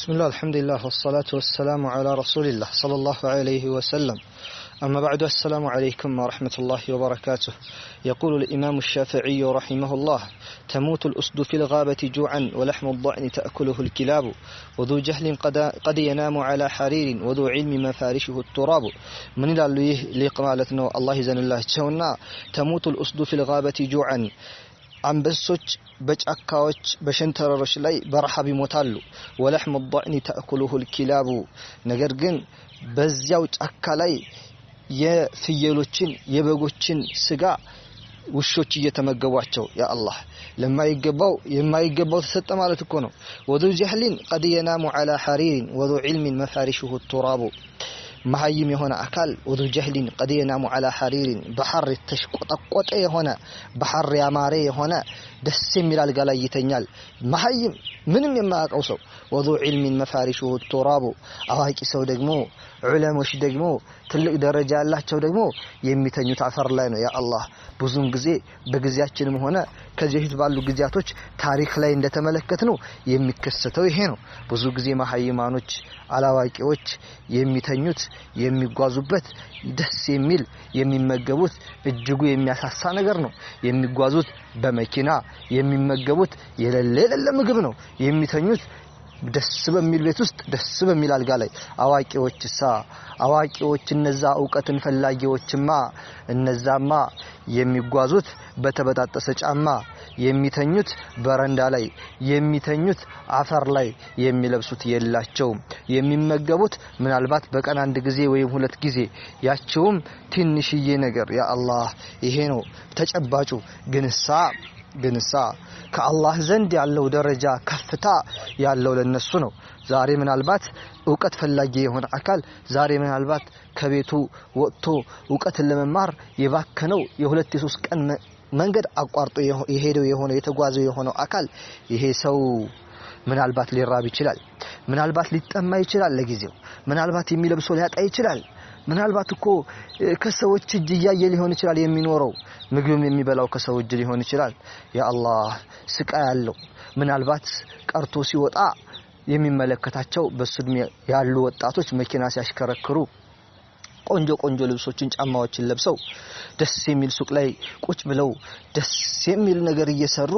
بسم الله الحمد لله والصلاة والسلام على رسول الله صلى الله عليه وسلم أما بعد السلام عليكم ورحمة الله وبركاته يقول الإمام الشافعي رحمه الله تموت الأسد في الغابة جوعا ولحم الضأن تأكله الكلاب وذو جهل قد قد ينام على حرير وذو علم مفارشه التراب من لا ليه لقمالتنا الله زن الله تموت الأسد في الغابة جوعا አንበሶች በጫካዎች በሸንተረሮች ላይ በረሃብ ይሞታሉ። ወለሕሙ ዳዕኒ ተእኩሉሁ ልኪላቡ ነገር ግን በዚያው ጫካ ላይ የፍየሎችን የበጎችን ስጋ ውሾች እየተመገቧቸው ያ አላህ ለማይገባው የማይገባው ተሰጠ ማለት እኮ ነው። ወዱ ጀህሊን ቀድ የናሙ ዐላ ሐሪሪን ወዱ ዒልሚን መፋሪሽሁ ቱራቡ መሀይም የሆነ አካል ወዙ ጀህሊን ቀድ የናሙ ዓላ ሐሪሪን በሐር የተሽቆጠቆጠ የሆነ በሐር ያማረ የሆነ ደስ የሚል አልጋ ላይ ይተኛል። መሀይም ምንም የማያውቀው ሰው ወዙ ዒልሚን መፋሪሹሁ ቱራቡ አዋቂ ሰው ደግሞ ዑለሞች ደግሞ ትልቅ ደረጃ ያላቸው ደግሞ የሚተኙት አፈር ላይ ነው። ያ አላህ ብዙም ጊዜ በጊዜያችንም ሆነ ከዚህ በፊት ባሉ ጊዜያቶች ታሪክ ላይ እንደተመለከት ነው የሚከሰተው ይሄ ነው። ብዙ ጊዜ መሀይማኖች አላዋቂዎች የሚተኙት የሚጓዙበት ደስ የሚል የሚመገቡት እጅጉ የሚያሳሳ ነገር ነው። የሚጓዙት በመኪና የሚመገቡት የሌለ የሌለ ምግብ ነው። የሚተኙት ደስ በሚል ቤት ውስጥ ደስ በሚል አልጋ ላይ አዋቂዎች ሳ አዋቂዎች እነዛ እውቀትን ፈላጊዎችማ እነዛማ የሚጓዙት በተበጣጠሰ ጫማ የሚተኙት በረንዳ ላይ የሚተኙት አፈር ላይ የሚለብሱት የላቸውም። የሚመገቡት ምናልባት በቀን አንድ ጊዜ ወይም ሁለት ጊዜ ያቸውም ትንሽዬ ነገር። ያ አላህ ይሄ ነው ተጨባጩ ግንሳ ግንሳ ከአላህ ዘንድ ያለው ደረጃ ከፍታ ያለው ለነሱ ነው። ዛሬ ምናልባት እውቀት ፈላጊ የሆነ አካል ዛሬ ምናልባት ከቤቱ ወጥቶ እውቀትን ለመማር የባከነው የሁለት የሶስት ቀን መንገድ አቋርጦ የሄደው የሆነው የተጓዘው የሆነው አካል ይሄ ሰው ምናልባት ሊራብ ይችላል። ምናልባት ሊጠማ ይችላል። ለጊዜው ምናልባት የሚለብሰው ሊያጣ ይችላል። ምናልባት እኮ ከሰዎች እጅ እያየ ሊሆን ይችላል የሚኖረው ምግብም የሚበላው ከሰው እጅ ሊሆን ይችላል። የአላህ ስቃይ ያለው ምናልባት ቀርቶ ሲወጣ የሚመለከታቸው በሱ እድሜ ያሉ ወጣቶች መኪና ሲያሽከረክሩ ቆንጆ ቆንጆ ልብሶችን፣ ጫማዎችን ለብሰው ደስ የሚል ሱቅ ላይ ቁጭ ብለው ደስ የሚል ነገር እየሰሩ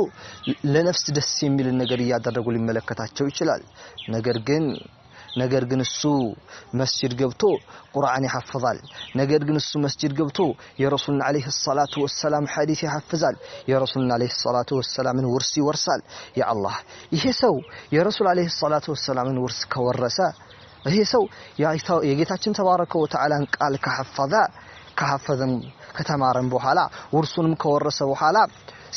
ለነፍስ ደስ የሚል ነገር እያደረጉ ሊመለከታቸው ይችላል። ነገር ግን ነገር ግን እሱ መስጂድ ገብቶ ቁርአን ያሐፍዛል። ነገር ግን እሱ መስጂድ ገብቶ የረሱልን አለይሂ ሰላቱ ወሰላም ሐዲስ ይሐፍዛል። የረሱልን አለይሂ ሰላቱ ወሰላምን ውርስ ይወርሳል። ያአላህ ይሄ ሰው የረሱል አለይሂ ሰላቱ ወሰላምን ውርስ ከወረሰ ይሄ ሰው የጌታችን ተባረከ ወተዓላን ቃል ከሐፈዘ ከሐፈዘም ከተማረም በኋላ ውርሱንም ከወረሰ በኋላ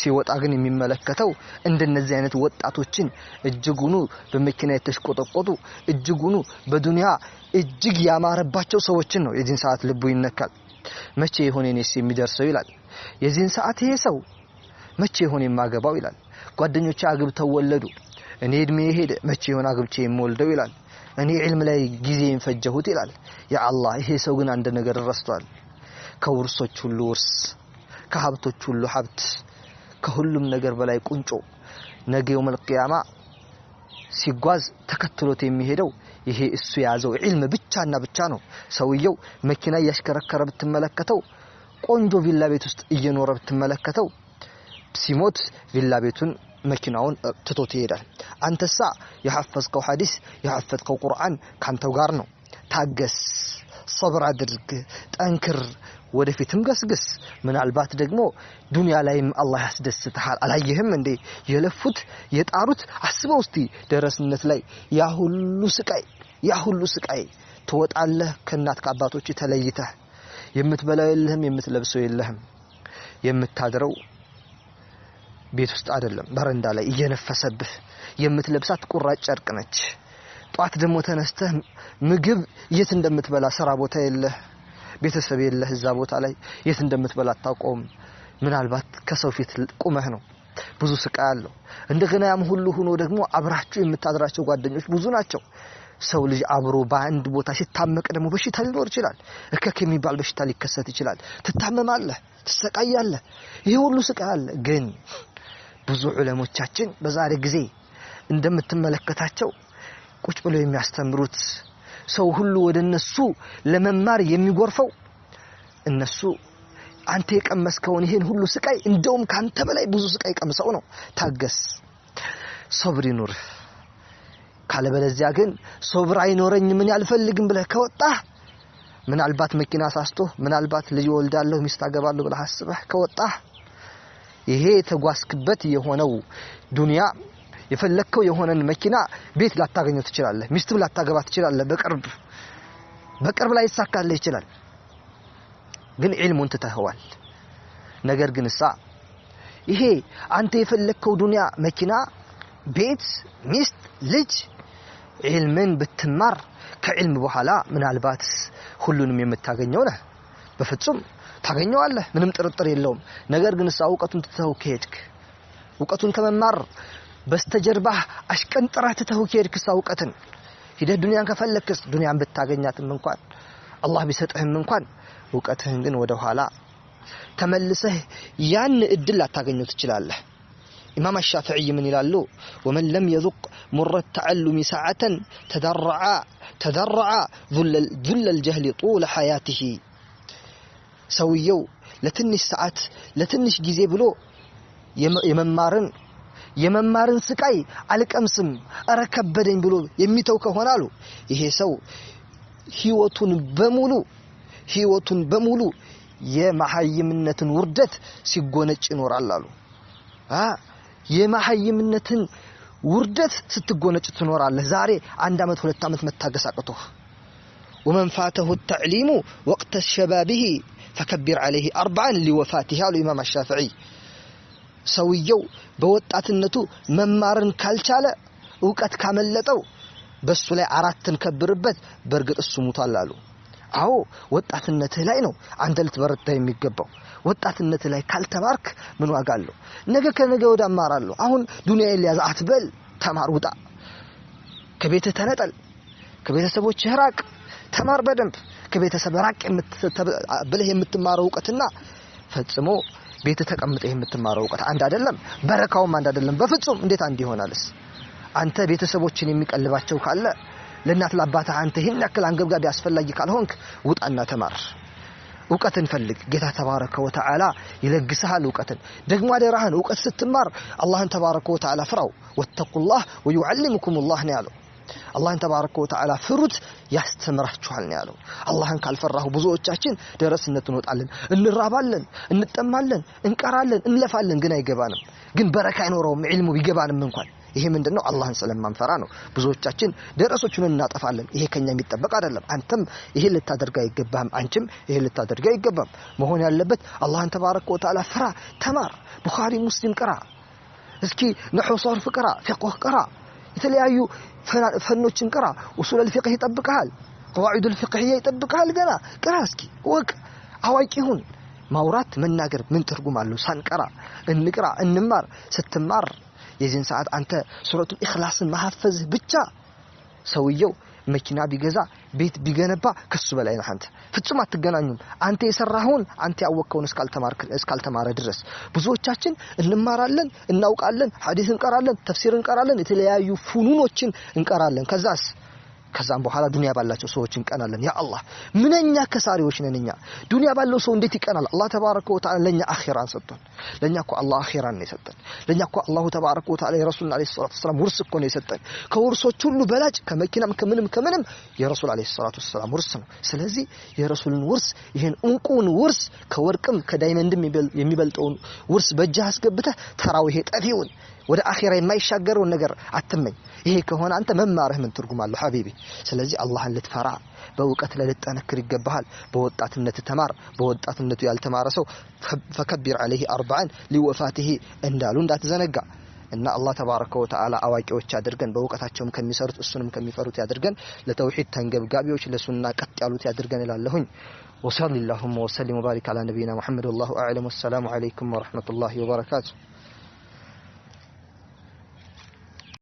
ሲወጣ ግን የሚመለከተው እንደነዚህ አይነት ወጣቶችን እጅጉኑ በመኪና የተሽቆጠቆጡ እጅጉኑ በዱንያ እጅግ ያማረባቸው ሰዎችን ነው። የዚህን ሰዓት ልቡ ይነካል። መቼ የሆነ እኔስ የሚደርሰው ይላል። የዚህን ሰዓት ይሄ ሰው መቼ የሆነ የማገባው ይላል። ጓደኞቼ አግብተው ወለዱ፣ እኔ እድሜ ሄደ፣ መቼ የሆነ አግብቼ የምወልደው ይላል። እኔ ዒልም ላይ ጊዜ ፈጀሁት ይላል። ያአላህ ይሄ ሰው ግን አንድ ነገር ረስቷል። ከውርሶች ሁሉ ውርስ፣ ከሀብቶች ሁሉ ሀብት ከሁሉም ነገር በላይ ቁንጮ ነገው መልቅያማ ሲጓዝ ተከትሎት የሚሄደው ይሄ እሱ የያዘው ዒልም ብቻና ብቻ ነው። ሰውየው መኪና እያሽከረከረ ብትመለከተው፣ ቆንጆ ቪላ ቤት ውስጥ እየኖረ ብትመለከተው፣ ሲሞት ቪላ ቤቱን መኪናውን ትቶት ይሄዳል። አንተሳ የሐፈዝከው ሐዲስ የሐፈዝከው ቁርአን ካንተው ጋር ነው። ታገስ፣ ሰብር አድርግ፣ ጠንክር ወደፊትም ገስግስ። ምናልባት ደግሞ ዱንያ ላይም አላህ ያስደስትሃል። አላየህም እንዴ የለፉት የጣሩት? አስበው እስቲ ደረስነት ላይ ያ ሁሉ ስቃይ ያ ሁሉ ስቃይ ትወጣለህ። ከእናት ከአባቶች ተለይተህ የምትበላው የለህም፣ የምትለብሰው የለህም፣ የምታድረው ቤት ውስጥ አይደለም በረንዳ ላይ እየነፈሰብህ። የምትለብሳት ቁራጭ ጨርቅ ነች። ጧት ደግሞ ተነስተህ ምግብ የት እንደምትበላ ስራ ቦታ የለህ ቤተሰብ የለህ፣ እዛ ቦታ ላይ የት እንደምትበላ አታውቀውም። ምናልባት ከሰው ፊት ቁመህ ነው። ብዙ ስቃይ አለው። እንደገና ያም ሁሉ ሆኖ ደግሞ አብራችሁ የምታድራቸው ጓደኞች ብዙ ናቸው። ሰው ልጅ አብሮ በአንድ ቦታ ሲታመቅ ደግሞ በሽታ ሊኖር ይችላል። እከክ የሚባል በሽታ ሊከሰት ይችላል። ትታመማለህ፣ ትሰቃያለህ። ይህ ሁሉ ስቃይ አለ። ግን ብዙ ዑለሞቻችን በዛሬ ጊዜ እንደምትመለከታቸው ቁጭ ብለው የሚያስተምሩት ሰው ሁሉ ወደ እነሱ ለመማር የሚጎርፈው እነሱ አንተ የቀመስከውን ይሄን ሁሉ ስቃይ እንደውም ካንተ በላይ ብዙ ስቃይ ቀምሰው ነው። ታገስ፣ ሶብር ይኑር። ካለበለዚያ ግን ሶብር አይኖረኝ ምን ያልፈልግም ብለህ ከወጣህ ምናልባት መኪና ሳስቶ ምናልባት ልጅ ወልዳለሁ ሚስት አገባለሁ ብለህ አስበህ ከወጣህ ይሄ የተጓዝክበት የሆነው ዱንያ የፈለግከው የሆነን መኪና ቤት ላታገኘው ትችላለህ። ሚስትም ላታገባ ትችላለህ። በቅርብ በቅርብ ላይ ይሳካልህ ይችላል። ግን ዒልሙን ትተኸዋል። ነገር ግን እሳ ይሄ አንተ የፈለግከው ዱንያ መኪና፣ ቤት፣ ሚስት፣ ልጅ ዒልምን ብትማር ከዒልም በኋላ ምናልባት ሁሉንም የምታገኘው ነህ። በፍጹም ታገኘዋለህ፣ ምንም ጥርጥር የለውም። ነገር ግን እሳ እውቀቱን ትተኸው ከሄድክ እውቀቱን ከመማር በስተጀርባህ አሽቀንጥረህ ትተህ ከሄድክስ እውቀትን ሂደህ ዱንያን ከፈለክስ ዱንያን ብታገኛትም እንኳን አላህ ቢሰጥህም እንኳን እውቀትህን ግን ወደ ኋላ ተመልሰህ ያን እድል ላታገኘው ትችላለህ። ኢማም አሻፍዕይ ምን ይላሉ? ወመን ለም የዙቅ ሙረት ተዓሉሚ ሰዓተን ተደረዓ ተደረዓ ዙለል ጀህሊ ጡለ ሐያትሂ ሰውየው ለትንሽ ሰዓት ለትንሽ ጊዜ ብሎ የመማርን የመማርን ስቃይ አልቀምስም እረ ብሎ የሚተው ከሆነ አሉ ይሄ ሰው ህይወቱን በሙሉ ህይወቱን በሙሉ የመሐይምነትን ውርደት ሲጎነጭ ይኖራል አሉ አ የመሐይምነትን ውርደት ስትጎነጭ ትኖራለህ ዛሬ አንድ አመት ሁለት አመት መታገስ አቅቶህ ومن فاته التعليم وقت شبابه فكبر عليه أربعا لوفاته الإمام الشافعي ሰውየው በወጣትነቱ መማርን ካልቻለ እውቀት ካመለጠው በሱ ላይ አራትን ከብርበት በእርግጥ እሱ ሙቷል አሉ። አዎ ወጣትነትህ ላይ ነው አንተ ልትበረታ የሚገባው። ወጣትነትህ ላይ ካልተማርክ ምን ዋጋ አለው? ነገ ከነገ ወደ አማራለሁ አሁን ዱንያ ሊያዝ አትበል። ተማር፣ ውጣ፣ ከቤትህ ተነጠል፣ ከቤተሰቦችህ ራቅ፣ ተማር በደንብ ከቤተሰብ ራቅ ብለህ የምትማረው እውቀትና ፈጽሞ ቤት ተቀምጠህ የምትማረው እውቀት አንድ አይደለም፣ በረካውም አንድ አይደለም። በፍጹም እንዴት አንድ ይሆናልስ? አንተ ቤተሰቦችን የሚቀልባቸው ካለ ለእናት ለአባትህ አንተ ይህን ያክል አንገብጋቢ አስፈላጊ ካልሆንክ ውጣና ተማር። እውቀትን ፈልግ። ጌታ ተባረከ ወተዓላ ይለግስሃል እውቀትን። ደግሞ አደራህን እውቀት ስትማር አላህን ተባረከ ወተዓላ ፍራው። ወተቁላህ ወዩዓልምኩም ላህ ነው ያለው። አላህን ተባረከ ወተዓላ ፍሩት ያስተምራችኋል ነው ያለው። አላህን ካልፈራሁ ብዙዎቻችን ደረስነት እንወጣለን፣ እንራባለን፣ እንጠማለን፣ እንቀራለን፣ እንለፋለን፣ ግን አይገባንም። ግን በረካ አይኖረውም ዒልሙ ቢገባንም እንኳን ይሄ ምንድነው? አላህን ስለማንፈራ ነው። ብዙዎቻችን ደረሶቹን እናጠፋለን። ይሄ ከኛ የሚጠበቅ አይደለም። አንተም ይሄ ልታደርግ አይገባም። አንቺም ይሄ ልታደርግ አይገባም። መሆን ያለበት አላህን ተባረከ ወተዓላ ፍራ፣ ተማር፣ ቡኻሪ ሙስሊም ቅራ፣ እስኪ ነሑ ሶርፍ ቅራ፣ ፊቅህ ቅራ የተለያዩ ፈኖችን ቅራ። ውሱለል ፊቅህ ይጠብቀሃል። ቀዋዒዱል ፊቅህያ ይጠብቀሃል። ገና ቅራ እስኪ ወቅ አዋቂ ሁን። ማውራት መናገር ምን ትርጉም አለው ሳንቀራ? እንቅራ፣ እንማር። ስትማር የዚህን ሰዓት አንተ ሱረቱል ኢኽላስን ማሐፈዝህ ብቻ ሰውየው መኪና ቢገዛ ቤት ቢገነባ ከሱ በላይ ነህ አንተ። ፍጹም አትገናኙም። አንተ የሰራኸውን አንተ ያወቅከውን እስካልተማረ ድረስ ብዙዎቻችን እንማራለን፣ እናውቃለን፣ ሐዲስ እንቀራለን፣ ተፍሲር እንቀራለን፣ የተለያዩ ፉኑኖችን እንቀራለን። ከዛስ ከዛም በኋላ ዱንያ ባላቸው ሰዎች እንቀናለን። ያ አላህ ምንኛ ከሳሪዎች ነን እኛ። ዱንያ ባለው ሰው እንዴት ይቀናል? አላህ ተባረከ ወተዓላ ለኛ አኺራን ሰጥቶን፣ ለኛ እኮ አላህ አኺራን ነው የሰጠን። ለኛ እኮ አላሁ ተባረከ ወተዓላ የረሱል አለይሂ ሰላቱ ወሰላም ውርስ እኮ ነው የሰጠን። ከውርሶች ሁሉ በላጭ ከመኪናም ከምንም ከምንም የረሱል አለይሂ ሰላቱ ወሰላም ውርስ ነው። ስለዚህ የረሱልን ውርስ ይሄን እንቁን ውርስ ከወርቅም ከዳይመንድም የሚበልጠውን ውርስ በእጅህ አስገብተህ ተራው ይሄ ጠፊውን ወደ አኺራ የማይሻገረውን ነገር አትመኝ። ይሄ ከሆነ አንተ መማርህ ምን ትርጉም አለው ሐቢቢ? ስለዚህ አላህን ልትፈራ በእውቀት ላይ ልትጠነክር ይገባሃል። በወጣትነት ተማር። በወጣትነቱ ያልተማረ ሰው ፈከቢር አለይህ አርባዓን ሊወፋትህ እንዳሉ እንዳትዘነጋ እና አላህ ተባረከ ወተዓላ አዋቂዎች ያድርገን፣ በእውቀታቸውም ከሚሰሩት እሱንም ከሚፈሩት ያድርገን፣ ለተውሂድ ተንገብጋቢዎች ለሱና ቀጥ ያሉት ያድርገን እላለሁኝ። ወሰሊ ላሁማ ወሰሊም ወባሪክ አላ ነቢይና ሙሐመድ ወላሁ አዕለም። ወሰላሙ አለይኩም ወረሕመቱላሂ ወበረካቱ።